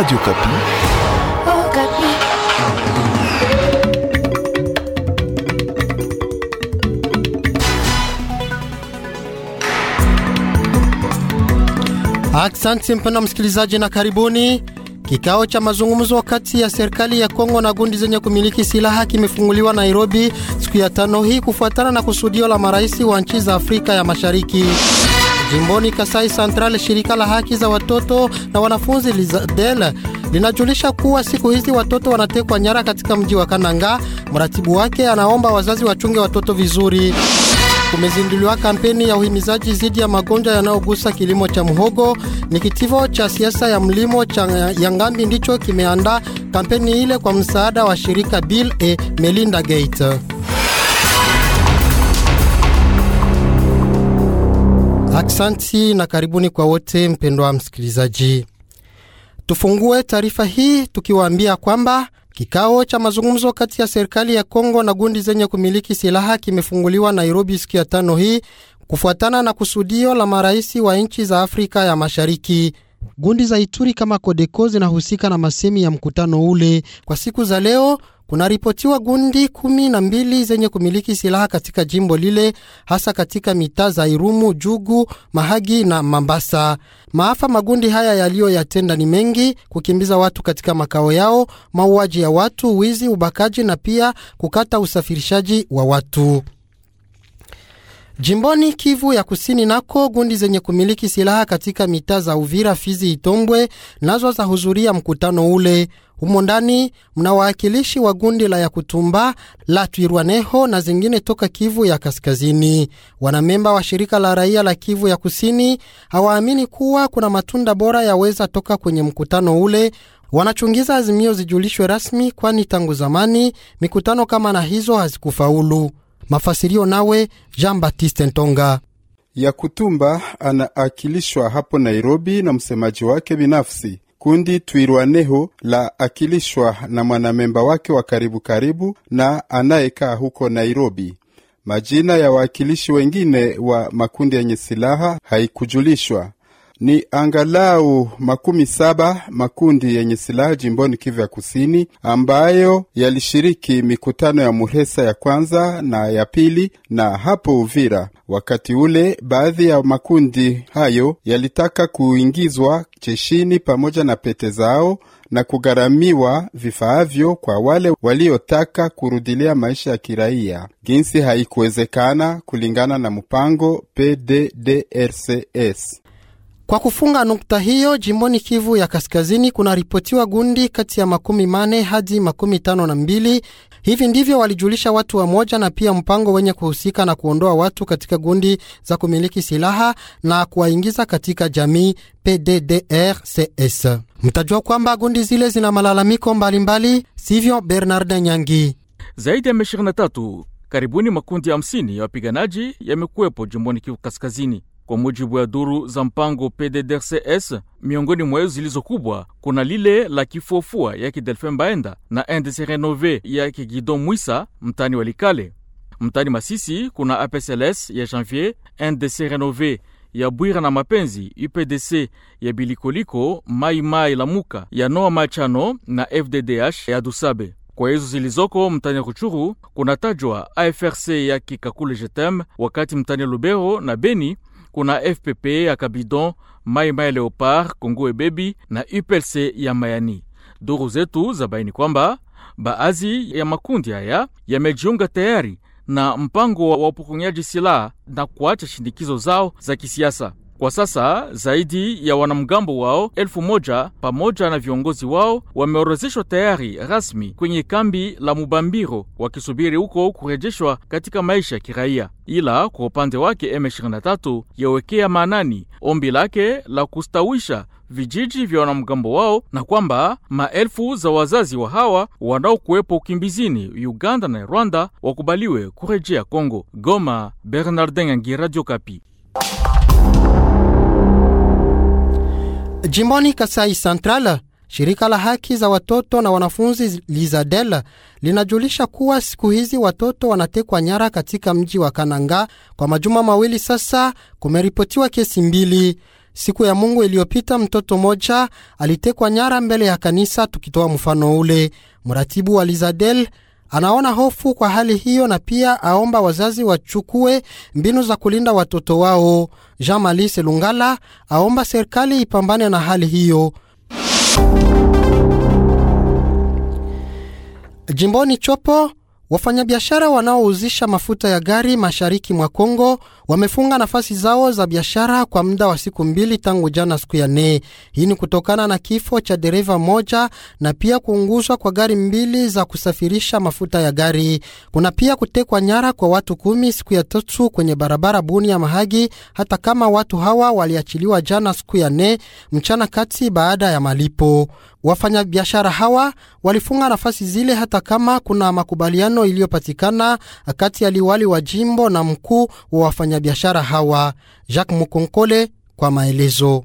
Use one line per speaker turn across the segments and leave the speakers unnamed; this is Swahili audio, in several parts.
Radio Kapi.
Oh, Kapi.
Aksanti mpendwa msikilizaji na karibuni. Kikao cha mazungumzo kati ya serikali ya Kongo na gundi zenye kumiliki silaha kimefunguliwa Nairobi siku ya tano hii kufuatana na kusudio la marais wa nchi za Afrika ya Mashariki. Jimboni Kasai Central, shirika la haki za watoto na wanafunzi Lizadel linajulisha kuwa siku hizi watoto wanatekwa nyara katika mji wa Kananga. Mratibu wake anaomba wazazi wachunge watoto vizuri. Kumezinduliwa kampeni ya uhimizaji dhidi ya magonjwa yanayogusa kilimo cha mhogo. Ni kitivo cha siasa ya mlimo cha Yangambi ndicho kimeandaa kampeni ile kwa msaada wa shirika Bill e Melinda Gates. Aksanti na karibuni kwa wote mpendwa msikilizaji. Tufungue taarifa hii tukiwaambia kwamba kikao cha mazungumzo kati ya serikali ya Kongo na gundi zenye kumiliki silaha kimefunguliwa Nairobi siku ya tano hii kufuatana na kusudio la marais wa nchi za Afrika ya Mashariki. Gundi za Ituri kama Kodeko zinahusika na masemi ya mkutano ule. Kwa siku za leo kunaripotiwa gundi kumi na mbili zenye kumiliki silaha katika jimbo lile, hasa katika mitaa za Irumu, Jugu, Mahagi na Mambasa. Maafa magundi haya yaliyoyatenda ni mengi: kukimbiza watu katika makao yao, mauaji ya watu, wizi, ubakaji na pia kukata usafirishaji wa watu. Jimboni Kivu ya Kusini nako gundi zenye kumiliki silaha katika mitaa za Uvira, Fizi, Itombwe nazo za mkutano ule. Humo ndani mna wawakilishi wa gundi la Yakutumba la Twirwaneho na zingine toka Kivu ya Kaskazini. Wanamemba wa shirika la raia la Kivu ya Kusini hawaamini kuwa kuna matunda bora yaweza toka kwenye mkutano ule. Wanachungiza azimio zijulishwe rasmi, kwani tangu zamani mikutano kama na hizo hazikufaulu. Mafasirio nawe Jean Baptiste Ntonga. Yakutumba anaakilishwa hapo Nairobi na msemaji wake binafsi kundi Twirwaneho la akilishwa na mwanamemba wake wa karibu karibu na anayekaa huko Nairobi. Majina ya waakilishi wengine wa makundi yenye silaha haikujulishwa ni angalau makumi saba makundi yenye silaha jimboni Kivu ya Kusini ambayo yalishiriki mikutano ya Muhesa ya kwanza na ya pili na hapo Uvira. Wakati ule baadhi ya makundi hayo yalitaka kuingizwa jeshini pamoja na pete zao na kugharamiwa vifaavyo kwa wale waliotaka kurudilia maisha ya kiraia, jinsi haikuwezekana kulingana na mpango PDDRCS. Kwa kufunga nukta hiyo, jimboni Kivu ya Kaskazini kunaripotiwa gundi kati ya makumi mane hadi makumi tano na mbili. Hivi ndivyo walijulisha watu wa moja na pia mpango wenye kuhusika na kuondoa watu katika gundi za kumiliki silaha na kuwaingiza katika jamii PDDRCS. Mtajua kwamba gundi zile zina malalamiko
mbalimbali, sivyo? Bernard Nyangi zaidi ya m 3 karibuni makundi 50 hamsini ya wapiganaji yamekuwepo jimboni Kivu Kaskazini. Kwa mujibu ya duru za mpango PDDRCS, miongoni mwa hizo zilizokubwa kuna lile la kifofua yake delphin Baenda na NDC Renove yake Gido Mwisa mtani wa likale Mtani Masisi kuna APSLS ya Janvier, NDC Renove ya Bwira na Mapenzi, UPDC ya Bilikoliko, Mai Mai Lamuka ya Noa Machano na FDDH ya Dusabe. Kwa hizo zilizoko mtani Ruchuru kunatajwa AFRC ya Kikakule Jetem, wakati mtani Lubero na Beni kuna FPP ya Kabidon, Mai Mai Leopard, Kongo Ebebi na UPLC ya Mayani. Duru zetu zabaini kwamba baadhi ya makundi haya yamejiunga tayari na mpango wa upokonyaji silaha na kuacha shindikizo zao za kisiasa. Kwa sasa zaidi ya wanamgambo wao elfu moja pamoja na viongozi wao wameorozeshwa tayari rasmi kwenye kambi la Mubambiro wakisubiri huko kurejeshwa katika maisha ya kiraia. Ila kwa upande wake M23 yawekea maanani ombi lake la kustawisha vijiji vya wanamgambo wao na kwamba maelfu za wazazi wa hawa wanaokuwepo ukimbizini Uganda na Rwanda wakubaliwe kurejea Kongo. Goma, Bernardin Nyangi, Radio Kapi.
Jimboni Kasai Central, shirika la haki za watoto na wanafunzi Lizadel linajulisha kuwa siku hizi watoto wanatekwa nyara katika mji wa Kananga. Kwa majuma mawili sasa, kumeripotiwa kesi mbili. Siku ya Mungu iliyopita mtoto mmoja alitekwa nyara mbele ya kanisa, tukitoa mfano ule. Mratibu wa Lizadel Anaona hofu kwa hali hiyo na pia aomba wazazi wachukue mbinu za kulinda watoto wao. Jean Malise Lungala aomba serikali ipambane na hali hiyo. Jimboni Chopo, wafanyabiashara wanaouzisha mafuta ya gari mashariki mwa Kongo wamefunga nafasi zao za biashara kwa muda wa siku mbili tangu jana siku ya nne. Hii ni kutokana na kifo cha dereva moja na pia kuunguzwa kwa gari mbili za kusafirisha mafuta ya gari. Kuna pia kutekwa nyara kwa watu kumi siku ya tatu kwenye barabara Buni ya Mahagi, hata kama watu hawa waliachiliwa jana siku ya nne mchana kati baada ya malipo. Wafanyabiashara hawa walifunga nafasi zile hata kama kuna makubaliano iliyopatikana kati ya liwali wa jimbo na mkuu wa wafanya wafanyabiashara hawa. Jacques Mukonkole kwa maelezo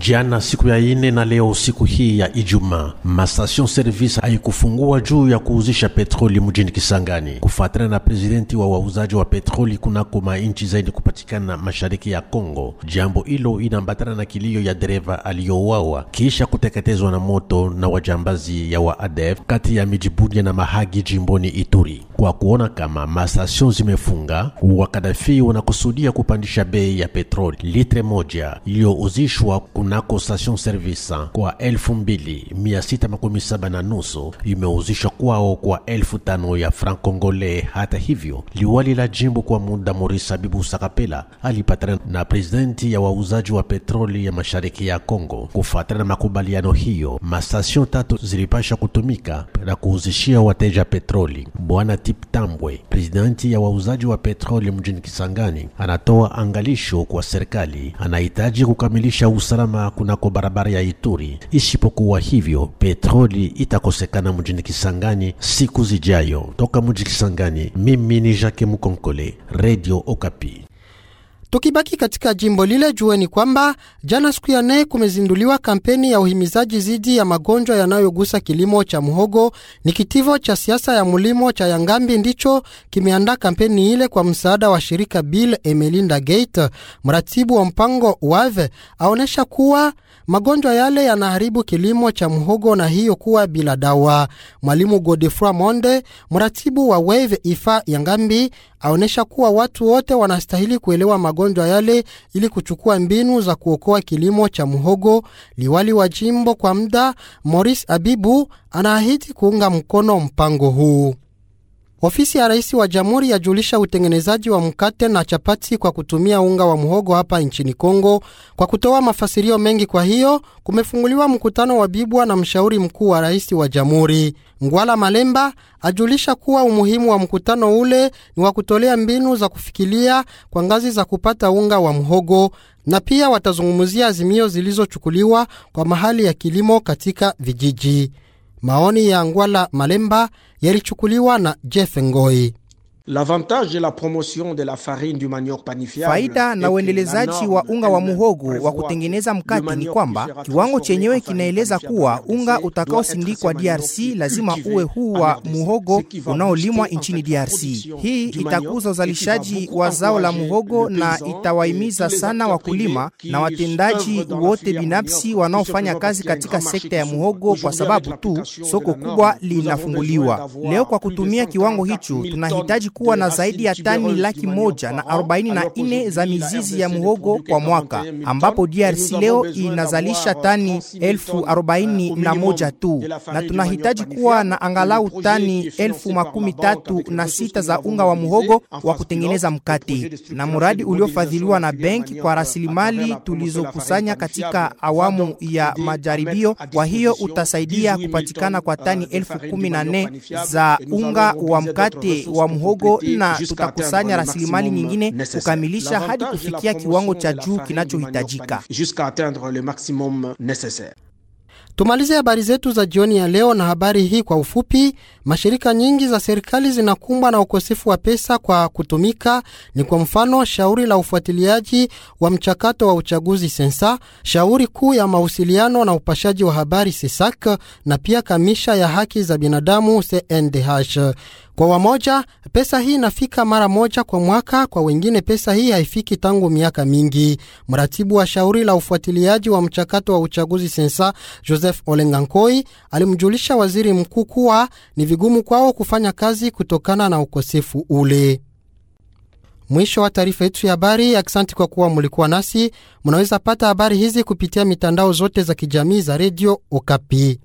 jana siku ya ine na leo siku hii ya Ijumaa, mastation service haikufungua juu ya kuuzisha petroli mjini Kisangani, kufuatana na prezidenti wa wauzaji wa petroli kunako mainchi zaidi kupatikana mashariki ya Kongo. Jambo hilo inaambatana na kilio ya dereva aliyouawa kisha kuteketezwa na moto na wajambazi ya wa ADF kati ya miji Bunia na Mahagi jimboni Ituri. Kwa kuona kama mastation zimefunga, wakadafi wanakusudia kupandisha bei ya petroli litre moja iliyouzishwa kunako station service kwa elfu mbili mia sita makumi saba na nusu imeuzishwa kwao kwa elfu tano ya franc congolais. Hata hivyo, liwali la jimbo kwa muda Maurice Habibu Sakapela alipatana na presidenti ya wauzaji wa petroli ya mashariki ya Kongo. Kufuatana na makubaliano hiyo, mastation tatu zilipasha kutumika na kuuzishia wateja petroli. Bwana Tip Tambwe, presidenti ya wauzaji wa petroli mjini Kisangani, anatoa angalisho kwa serikali, anahitaji kukamilisha usalama kusimama kunako barabara ya Ituri. Isipokuwa hivyo, petroli itakosekana mjini Kisangani siku zijayo. Toka mji Kisangani, mimi ni Jacques Mukonkole, Radio Okapi.
Tukibaki katika jimbo lile, jueni kwamba jana siku ya nne kumezinduliwa kampeni ya uhimizaji dhidi ya magonjwa yanayogusa kilimo cha muhogo. Ni kitivo cha siasa ya mlimo cha Yangambi ndicho kimeandaa kampeni ile kwa msaada wa shirika Bill Emelinda Gate. Mratibu wa mpango WAVE aonyesha kuwa magonjwa yale yanaharibu kilimo cha muhogo na hiyo kuwa bila dawa. Mwalimu Godefroy Monde, mratibu wa WAVE ifa Yangambi, aonyesha kuwa watu wote wanastahili kuelewa magonjwa magonjwa yale ili kuchukua mbinu za kuokoa kilimo cha muhogo. Liwali wa jimbo kwa muda Moris Abibu anaahidi kuunga mkono mpango huu. Ofisi ya rais wa jamhuri yajulisha utengenezaji wa mkate na chapati kwa kutumia unga wa mhogo hapa nchini Kongo. Kwa kutoa mafasirio mengi, kwa hiyo kumefunguliwa mkutano wa Bibwa na mshauri mkuu wa rais wa jamhuri. Ngwala Malemba ajulisha kuwa umuhimu wa mkutano ule ni wa kutolea mbinu za kufikilia kwa ngazi za kupata unga wa mhogo na pia watazungumzia azimio zilizochukuliwa kwa mahali ya kilimo katika vijiji. Maoni ya Ngwala Malemba yalichukuliwa na Jeff Ngoi.
Faida na uendelezaji wa unga wa
muhogo
wa
kutengeneza
mkate ni kwamba kiwango chenyewe kinaeleza kuwa unga utakaosindikwa DRC lazima uwe huu wa muhogo unaolimwa nchini DRC. Hii itakuza uzalishaji wa zao la muhogo na itawahimiza sana wakulima na watendaji wote binafsi wanaofanya kazi katika sekta ya muhogo, kwa sababu tu soko kubwa linafunguliwa leo. Kwa kutumia kiwango hicho tunahitaji kulikuwa na zaidi ya tani laki moja na arobaini na nne za mizizi ya muhogo kwa mwaka, ambapo DRC leo inazalisha tani elfu arobaini na moja tu, na tunahitaji kuwa na angalau tani elfu makumi tatu na sita za unga wa muhogo wa kutengeneza mkate, na mradi uliofadhiliwa na benki kwa rasilimali tulizokusanya katika awamu ya majaribio. Kwa hiyo utasaidia kupatikana kwa tani elfu kumi na nne za unga wa mkate wa muhogo kidogo, na tutakusanya rasilimali nyingine kukamilisha hadi kufikia kiwango cha juu kinachohitajika. Tumalize habari zetu za jioni ya leo na habari hii
kwa ufupi. Mashirika nyingi za serikali zinakumbwa na ukosefu wa pesa kwa kutumika. Ni kwa mfano shauri la ufuatiliaji wa mchakato wa uchaguzi sensa, shauri kuu ya mawasiliano na upashaji wa habari sesak, na pia kamisha ya haki za binadamu CNDH. Kwa wamoja pesa hii inafika mara moja kwa mwaka, kwa wengine pesa hii haifiki tangu miaka mingi. Mratibu wa shauri la ufuatiliaji wa mchakato wa uchaguzi sensa, Joseph Olengankoi, alimjulisha waziri mkuu kuwa ni vigumu kwao kufanya kazi kutokana na ukosefu ule. Mwisho wa taarifa yetu ya habari. Aksanti kwa kuwa mulikuwa nasi. Mnaweza pata habari hizi kupitia mitandao zote za kijamii za redio Okapi.